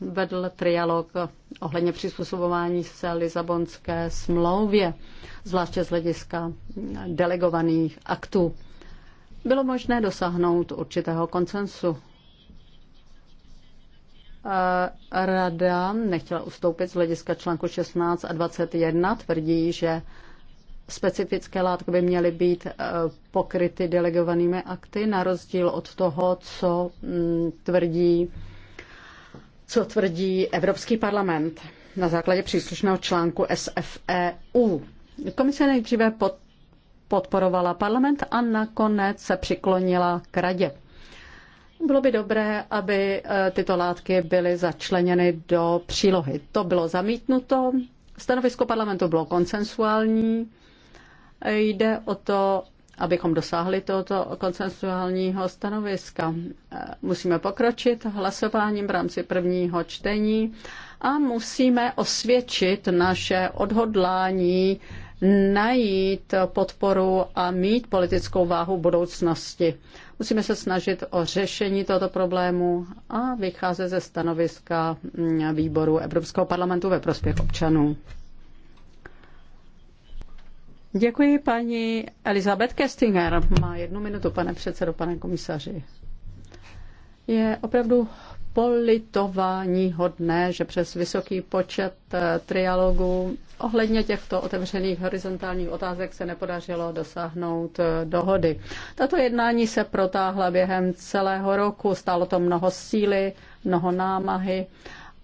vedl trialog ohledně přizpůsobování se Lizabonské smlouvě, zvláště z hlediska delegovaných aktů. Bylo možné dosáhnout určitého konsensu. Eh, Rada nechtěla ustoupit z hlediska článku 16 a 21, tvrdí, že specifické látky by měly být eh, pokryty delegovanými akty, na rozdíl od toho, co mm, tvrdí, co tvrdí Evropský parlament na základě příslušného článku SFEU. Komise nejdříve pod, podporovala parlament a nakonec se přiklonila k radě. Bylo by dobré, aby eh, tyto látky byly začleněny do přílohy. To bylo zamítnuto, stanovisko parlamentu bylo konsensuální Jde o to, abychom dosáhli tohoto konsensuálního stanoviska. Musíme pokročit hlasováním v rámci prvního čtení a musíme osvědčit naše odhodlání najít podporu a mít politickou váhu budoucnosti. Musíme se snažit o řešení tohoto problému a vycházet ze stanoviska mm, výboru Evropského parlamentu ve prospěch občanů. Děkuji paní Elizabeth Kestinger. Má jednu minutu, pane předsedo, pane komisaři. Je opravdu politování hodné, že přes vysoký počet eh, trialogů ohledně těchto otevřených horizontálních otázek se nepodařilo dosáhnout eh, dohody. Tato jednání se protáhla během celého roku, stálo to mnoho síly, mnoho námahy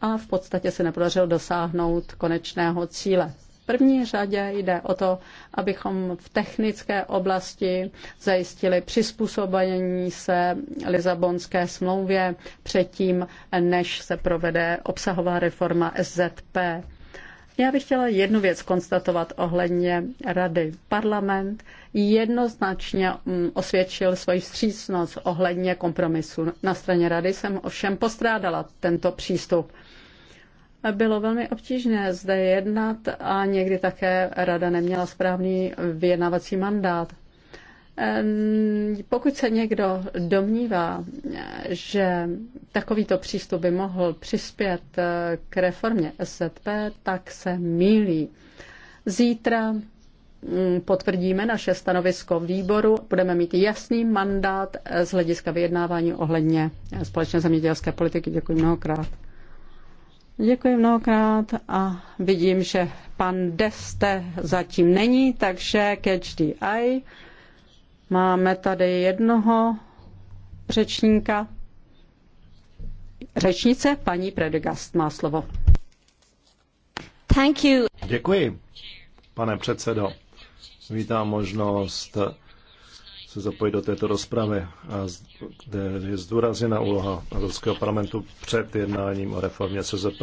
a v podstatě se nepodařilo dosáhnout konečného cíle první řadě jde o to, abychom v technické oblasti zajistili přizpůsobení se Lizabonské smlouvě předtím, než se provede obsahová reforma SZP. Já bych chtěla jednu věc konstatovat ohledně rady. Parlament jednoznačně mm, osvědčil svoji vstřícnost ohledně kompromisu. Na straně rady jsem ovšem postrádala tento přístup bylo velmi obtížné zde jednat a někdy také rada neměla správný vyjednávací mandát. Pokud se někdo domnívá, že takovýto přístup by mohl přispět eh, k reformě SZP, tak se mílí. Zítra mm, potvrdíme naše stanovisko výboru, budeme mít jasný mandát eh, z hlediska vyjednávání ohledně eh, společné zemědělské politiky. Děkuji mnohokrát. Děkuji mnohokrát a vidím, že pan Deste zatím není, takže catch Máme tady jednoho řečníka. Řečnice, paní Predegast má slovo. Thank you. Děkuji, pane předsedo. Vítám možnost se zapojit do této rozpravy, a kde je zdůrazněna úloha Evropského parlamentu před jednáním o reformě SZP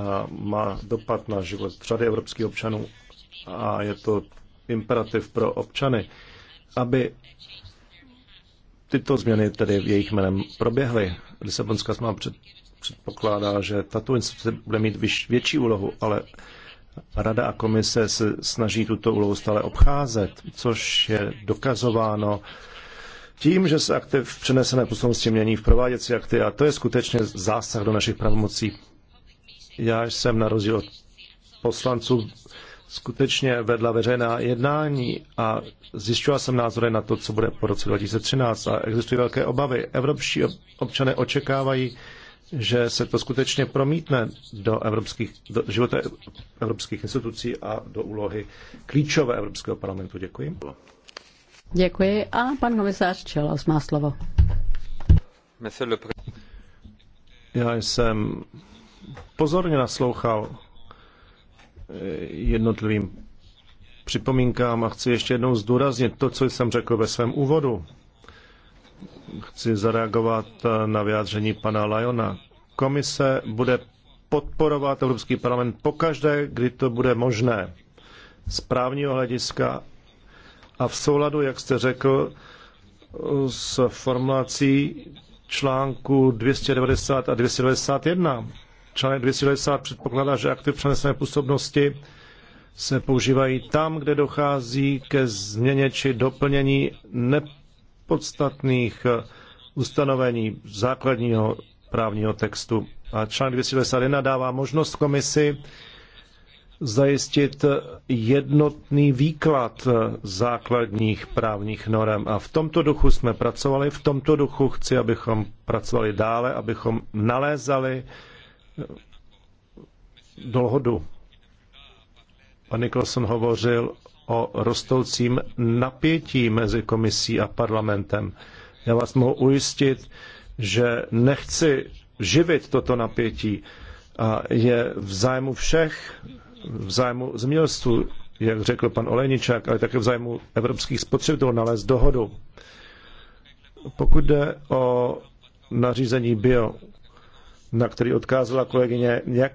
a má dopad na život řady evropských občanů a je to imperativ pro občany, aby tyto změny tedy v jejich jménem proběhly. Lisabonská smlouva předpokládá, že tato instituce bude mít větší úlohu, ale Rada a komise se snaží tuto úlohu stále obcházet, což je dokazováno tím, že se aktiv v přenesené působnosti mění v prováděcí akty a to je skutečně zásah do našich pravomocí. Já jsem na rozdíl od poslanců skutečně vedla veřejná jednání a zjišťoval jsem názory na to, co bude po roce 2013 a existují velké obavy. Evropští občané očekávají že se to skutečně promítne do, evropských, do života evropských institucí a do úlohy klíčové Evropského parlamentu. Děkuji. Děkuji a pan komisář Čelos má slovo. Já jsem pozorně naslouchal eh, jednotlivým připomínkám a chci ještě jednou zdůraznit to, co jsem řekl ve svém úvodu chci zareagovat eh, na vyjádření pana Lajona. Komise bude podporovat Evropský parlament pokaždé, kdy to bude možné z právního hlediska a v souladu, jak jste řekl, s formulací článku 290 a 291. Článek 290 předpokládá, že aktiv přenesené působnosti se používají tam, kde dochází ke změně či doplnění podstatných eh, ustanovení základního právního textu. A článek 291 dává možnost komisi zajistit jednotný výklad eh, základních právních norem. A v tomto duchu jsme pracovali, v tomto duchu chci, abychom pracovali dále, abychom nalézali eh, dohodu. Pan Nicholson hovořil o rostoucím napětí mezi komisí a parlamentem. Já vás mohu ujistit, že nechci živit toto napětí a je v zájmu všech, v zájmu zemědělství, jak řekl pan Oleničák, ale také v zájmu evropských spotřebitelů nalézt dohodu. Pokud jde o nařízení bio, na který odkázala kolegyně, jak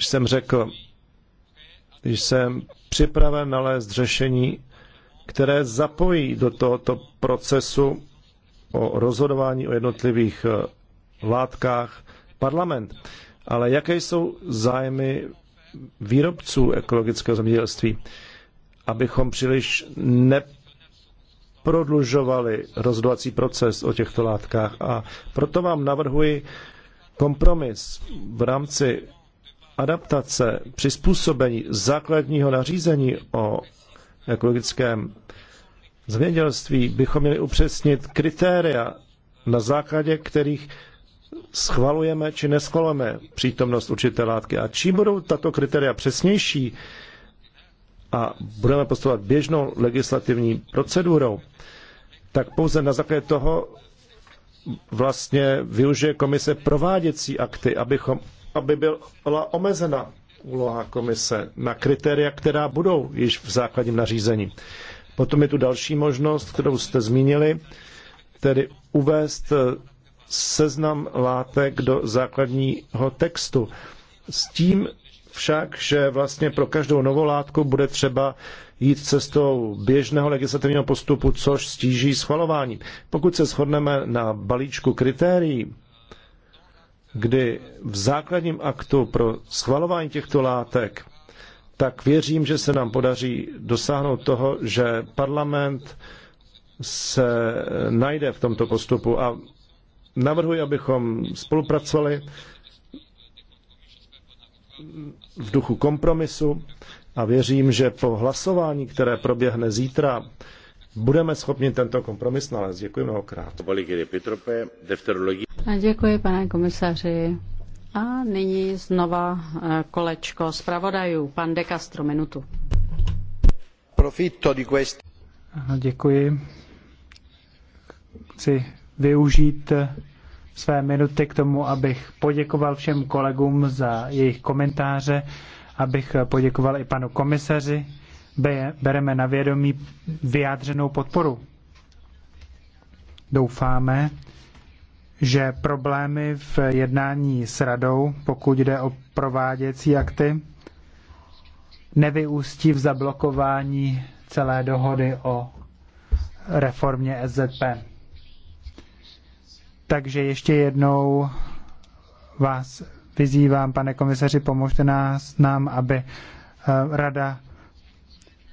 jsem řekl, jsem připraven nalézt řešení, které zapojí do tohoto procesu o rozhodování o jednotlivých eh, látkách parlament. Ale jaké jsou zájmy výrobců ekologického zemědělství, abychom příliš prodlužovali rozhodovací proces o těchto látkách. A proto vám navrhuji kompromis v rámci adaptace, přizpůsobení základního nařízení o ekologickém zemědělství bychom měli upřesnit kritéria, na základě kterých schvalujeme či neschvalujeme přítomnost určité látky. A čím budou tato kritéria přesnější a budeme postupovat běžnou legislativní procedurou, tak pouze na základě toho vlastně využije komise prováděcí akty, abychom aby byla omezena úloha komise na kritéria, která budou již v základním nařízení. Potom je tu další možnost, kterou jste zmínili, tedy uvést eh, seznam látek do základního textu. S tím však, že vlastně pro každou novou látku bude třeba jít cestou běžného legislativního postupu, což stíží schvalování. Pokud se shodneme na balíčku kritérií, kdy v základním aktu pro schvalování těchto látek, tak věřím, že se nám podaří dosáhnout toho, že parlament se najde v tomto postupu a navrhuji, abychom spolupracovali v duchu kompromisu a věřím, že po hlasování, které proběhne zítra, budeme schopni tento kompromis nalézt. Děkuji mnohokrát. Děkuji, pane komisaři. A nyní znova eh, kolečko zpravodajů. Pan De Castro, minutu. Profitto di questo. Děkuji. Chci využít eh, své minuty k tomu, abych poděkoval všem kolegům za jejich komentáře, abych eh, poděkoval i panu komisaři bereme na vědomí vyjádřenou podporu. Doufáme, že problémy v jednání s radou, pokud jde o prováděcí akty, nevyústí v zablokování celé dohody o reformě SZP. Takže ještě jednou vás vyzývám, pane komisaři, pomožte nás, nám, aby eh, rada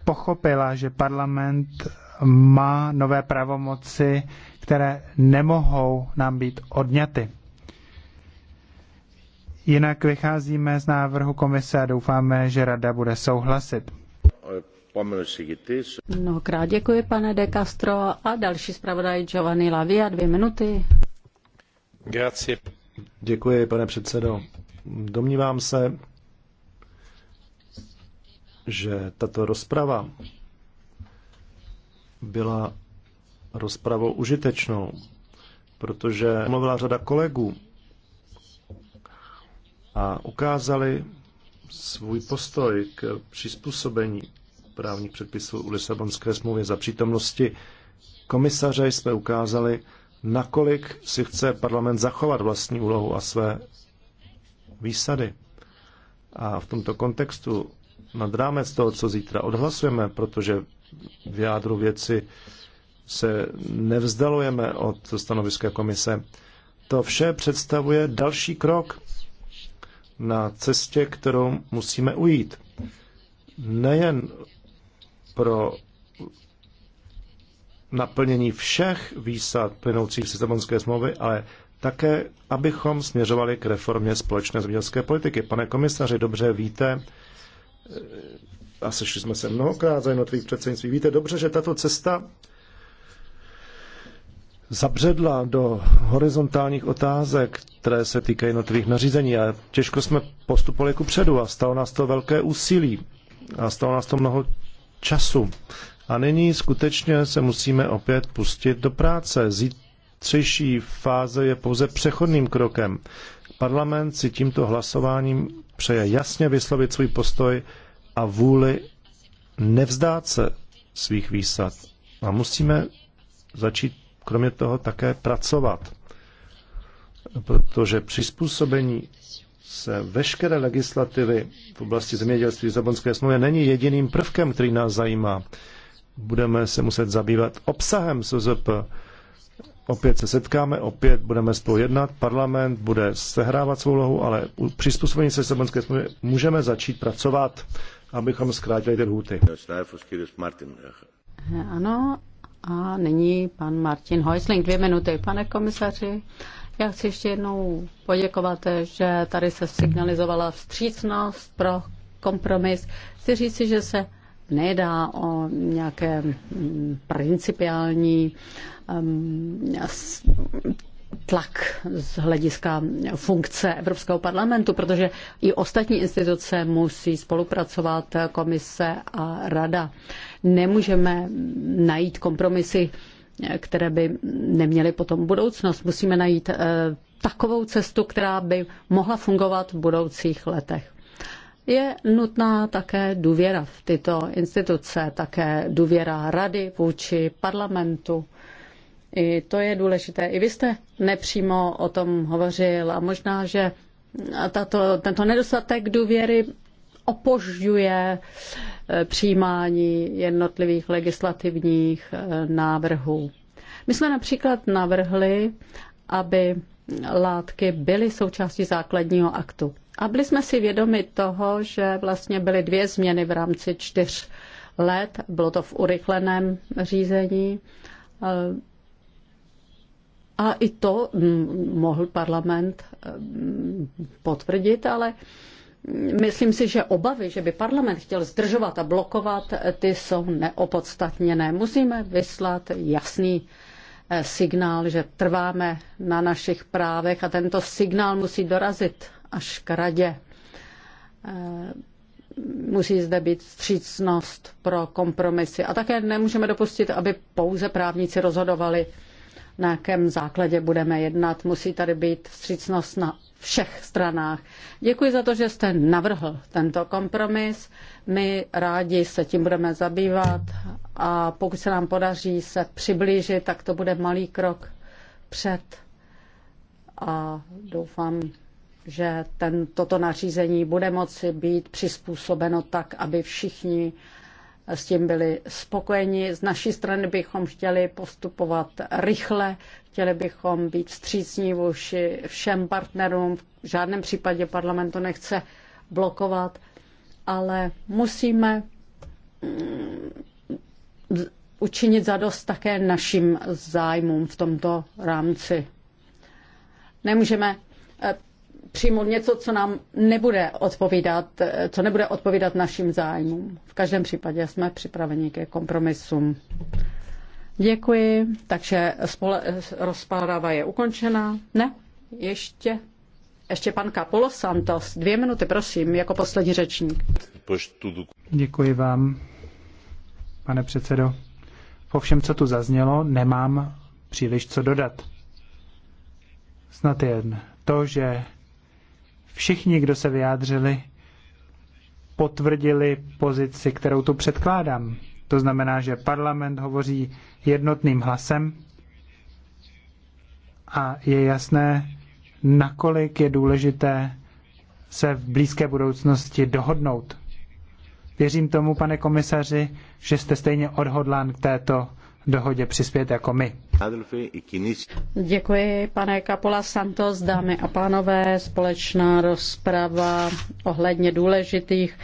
pochopila, že parlament má nové pravomoci, které nemohou nám být odňaty. Jinak vycházíme z návrhu komise a doufáme, že rada bude souhlasit. Mnohokrát děkuji, pane De Castro. A další zpravodaj Giovanni Lavia, dvě minuty. Grazie. Děkuji, pane předsedo. Domnívám se, že tato rozprava byla rozpravou užitečnou, protože mluvila řada kolegů a ukázali svůj postoj k přizpůsobení právních předpisů u Lisabonské smlouvy. Za přítomnosti komisaře jsme ukázali, nakolik si chce parlament zachovat vlastní úlohu a své výsady. A v tomto kontextu nad rámec toho, co zítra odhlasujeme, protože v jádru věci se nevzdalujeme od stanoviska komise. To vše představuje další krok na cestě, kterou musíme ujít. Nejen pro naplnění všech výsad plynoucích z Lisabonské smlouvy, ale také, abychom směřovali k reformě společné zemědělské politiky. Pane komisaři, dobře víte, a sešli jsme se mnohokrát za jednotlivých předsednictví. Víte dobře, že tato cesta zabředla do horizontálních otázek, které se týkají jednotlivých nařízení a těžko jsme postupovali ku předu a stalo nás to velké úsilí a stalo nás to mnoho času. A nyní skutečně se musíme opět pustit do práce. Zítřejší fáze je pouze přechodným krokem. Parlament si tímto hlasováním přeje jasně vyslovit svůj postoj a vůli nevzdát se svých výsad. A musíme začít kromě toho také pracovat, protože přizpůsobení se veškeré legislativy v oblasti zemědělství Zabonské smlouvy není jediným prvkem, který nás zajímá. Budeme se muset zabývat obsahem SZP, opět se setkáme, opět budeme spolu jednat, parlament bude sehrávat svou lohu, ale u přizpůsobení se Lisabonské smlouvě můžeme začít pracovat, abychom zkrátili ty lhůty. Ano, a nyní pan Martin Heusling, dvě minuty. Pane komisaři, já chci ještě jednou poděkovat, že tady se signalizovala vstřícnost pro kompromis. Chci říci, že se nejedá o nějaké mm, principiální mm, tlak z hlediska funkce Evropského parlamentu, protože i ostatní instituce musí spolupracovat, komise a rada. Nemůžeme najít kompromisy, které by neměly potom budoucnost. Musíme najít eh, takovou cestu, která by mohla fungovat v budoucích letech je nutná také důvěra v tyto instituce, také důvěra rady vůči parlamentu. I to je důležité. I vy jste nepřímo o tom hovořil a možná, že tato, tento nedostatek důvěry opožďuje eh, přijímání jednotlivých legislativních eh, návrhů. My jsme například navrhli, aby látky byly součástí základního aktu. A byli jsme si vědomi toho, že vlastně byly dvě změny v rámci čtyř let. Bylo to v urychleném řízení. A i to mm, mohl parlament mm, potvrdit, ale myslím si, že obavy, že by parlament chtěl zdržovat a blokovat, ty jsou neopodstatněné. Musíme vyslat jasný Eh, signál, že trváme na našich právech a tento signál musí dorazit až k radě. Eh, musí zde být vstřícnost pro kompromisy. A také nemůžeme dopustit, aby pouze právníci rozhodovali, na jakém základě budeme jednat. Musí tady být vstřícnost na všech stranách. Děkuji za to, že jste navrhl tento kompromis. My rádi se tím budeme zabývat a pokud se nám podaří se přiblížit, tak to bude malý krok před. A doufám, že ten, toto nařízení bude moci být přizpůsobeno tak, aby všichni s tím byli spokojeni. Z naší strany bychom chtěli postupovat rychle, chtěli bychom být vstřícní vůči všem partnerům. V žádném případě parlament to nechce blokovat, ale musíme učinit zadost také našim zájmům v tomto rámci. Nemůžeme eh, přijmout něco, co nám nebude odpovídat, eh, co nebude odpovídat našim zájmům. V každém případě jsme připraveni ke kompromisům. Děkuji. Takže spole, rozpárava je ukončena. Ne, ještě. Ještě pan Kapolo Santos. Dvě minuty, prosím, jako poslední řečník. Děkuji vám pane předsedo. Po všem, co tu zaznělo, nemám příliš co dodat. Snad jen to, že všichni, kdo se vyjádřili, potvrdili pozici, kterou tu předkládám. To znamená, že parlament hovoří jednotným hlasem a je jasné, nakolik je důležité se v blízké budoucnosti dohodnout. Věřím tomu, pane komisaři, že jste stejně odhodlán k této dohodě přispět jako my. Děkuji, pane Kapola Santos, dámy a pánové. Společná rozprava ohledně důležitých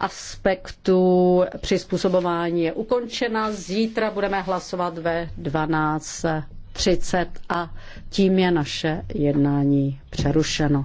aspektů přizpůsobování je ukončena. Zítra budeme hlasovat ve 12.30 a tím je naše jednání přerušeno.